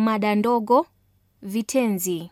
mada ndogo, vitenzi.